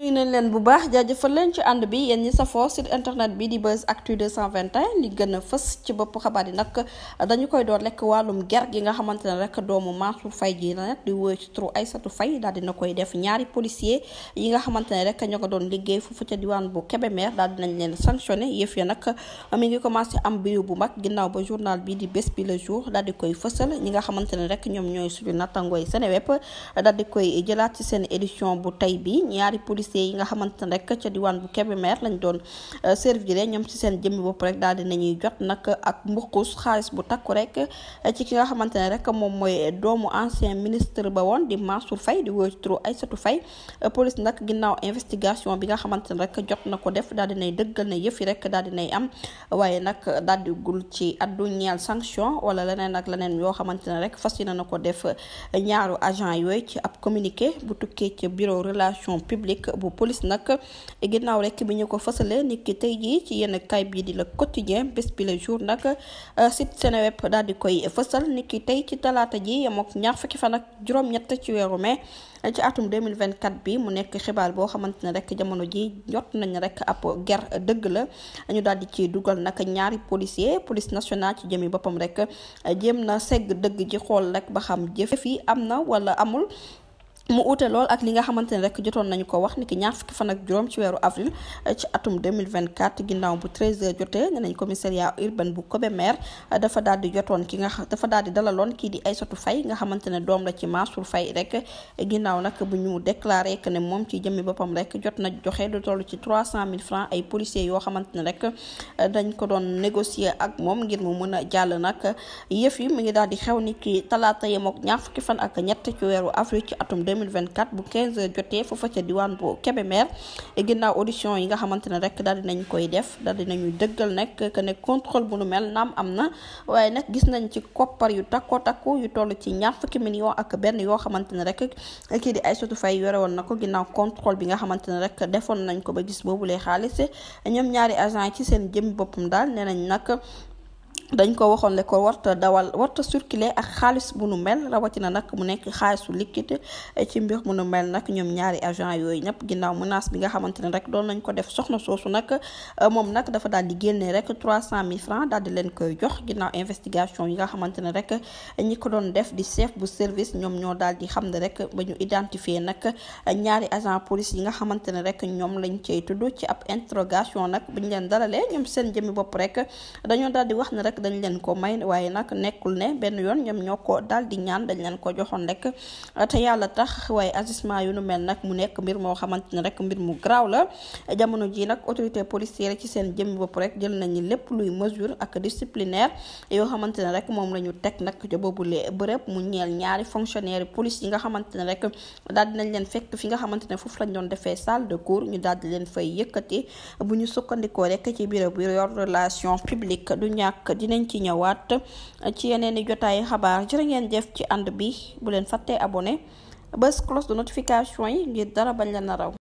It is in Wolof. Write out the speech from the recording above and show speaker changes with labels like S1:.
S1: nuyu nañ leen bu baax jaajëfal leen ci ànd bi yéen ñi safoo site internet bi di Buzz Actu 221 li a fës ci bopp xabaar yi nag dañu koy doon rek wàllum ger gi nga xamante ne rek doomu Mansour Faye ji la nag di wóy ci turu Aïssatou fay daal dina koy def ñaari policier yi nga xamante ne rek ñoo ko doon liggéey foofu ca diwaan bu Kébémer daal dinañ leen sanctionné yëf ya nag mi ngi am biiru mag ginnaaw ba journal bi di bés bi le jour daal di koy fësal ñi nga xamante ne rek ñoom ñooy suñu nattangooy Seneweb daal di koy jëlaat ci seen édition bu tey bi ñaari policier policiers yi nga xamante ne rek ca diwaan bu Kébémer lañ doon euh, servir ñoom ci seen jëmmi bopp rek daal di nañuy jot nag ak mbuqus xaalis bu takku rek euh, ci ki nga xamante ne rek moom mooy doomu ancien ministre ba woon di Mansour Faye di wóoy ay Aïssatou Faye euh, police nag ginnaaw investigation bi nga xamante ne rek jot na ko def daal di nay dëggal na yëf yi rek daal di nay am waaye nag daal di gul ci addu ñeel sanction wala leneen ak leneen yoo xamante ne rek fas yéene na ko def ñaaru agent yooyu ci ab communiqué bu tukkee ci bureau relation publique bu police nag ginnaaw rek bi ñu ko fësalee nit ki tey jii ci yenn kay bii di la quotidien bés bi le jour nag euh, site Seneweb daal di koy fësal nit ki tey ci talaata ji yem ak ñaar fukki fan ak juróom-ñett ci weeru mai ci atum 2024 bi mu nekk xibaar boo xamante ne rek jamono ji jot nañ rek ab ger dëgg la ñu daal di ci dugal nag ñaari policier police nationale ci jëmi boppam rek jéem na segg dëgg ji xool rek ba xam jëf yi am na wala amul mu uute lool ak li nga xamante ne rek jotoon nañu ko wax ni ki ñaar fukki fan ak juróom ci weeru avril eh, ci atum 2024 ginnaaw bu 13 jotee ne nañ commissariat urbain bu Kébémer eh, dafa daal di jotoon ki nga dafa daal di dalaloon kii di Aïssatou Faye nga xamante ne doom la ci Mansour Faye rek eh, ginnaaw nag bu ñu déclaré que ne moom ci jëmmi boppam rek jot na joxe du toll ci 300000 francs ay policiers yoo xamante ne rek dañ ko doon négocier ak moom ngir mu mën a jàll nag yëf yi mu ngi daal di xew ni ki talaata yemook ñaar fukki fan ak ñett ci weeru avril ci atum 2024 bu 15h jotee foofa ca diwaan bu Kébémer ginnaaw audition yi nga xamante ne rek daal dinañ koy def daal dinañu dëggal nag que ne contrôle bu nu mel naam am na waaye nag gis nañ ci koppar yu takko takko yu toll ci ñaar fukki millions ak benn yoo xamante ne rek kii di Aïssatou Faye yore woon na ko ginnaaw contrôle bi nga xamante ne rek defoon nañ ko ba gis boobu lay xaalis ñoom ñaari agent ci seen jëm boppam daal nee nañ nag dañ ko waxoon le ko warta dawal warta circuler ak xaalis bu nu mel rawatina nag mu nekk xaalisu liquide eh, ci mbir mu nu mel nag ñoom ñaari agent yooyu ñëpp ginnaaw menace bi nga xamante ne rek doon nañ ko def soxna soosu nag eh, moom nag dafa daal di génne rek trois cent mille francs daal di leen koy jox ginnaaw investigation yi nga xamante ne rek eh, ñi ko doon def di chef bu service ñoom ñoo daal di xam ne rek ba ñu identifier nag ñaari agent police yi nga xamante ne rek ñoom lañ cay tudd ci ab interrogation nag bu ñu leen dalalee ñoom seen jëmi bopp rek dañoo daal di wax ne rek nag dañ leen ko may waaye nag nekkul ne benn yoon ñoom ñoo ko daal di ñaan dañ leen ko joxoon rek te yàlla tax waaye agissement yu nu mel nag mu nekk mbir moo xamante ne rek mbir mu garaaw la jamono ji nag autorité policière ci seen jëmmi bopp rek jël nañu lépp luy mesure ak disciplinaire yoo xamante ne rek moom la ñu teg nag ca boobule bërëb mu ñeel ñaari fonctionnaire police yi nga xamante ne rek daal dinañ leen fekk fi nga xamante ne foofu lañ doon defee salle de cours ñu daal di leen fay yëkkati bu ñu sukkandikoo rek ci bureau bi relation publique du ñàkk di dinañ ci ñëwaat ci yeneen i jotaayu xabaar jërë ngeen jëf ci ànd bi bu leen fàttee abone bés cloche de notification yi ngir dara bañ leen na raw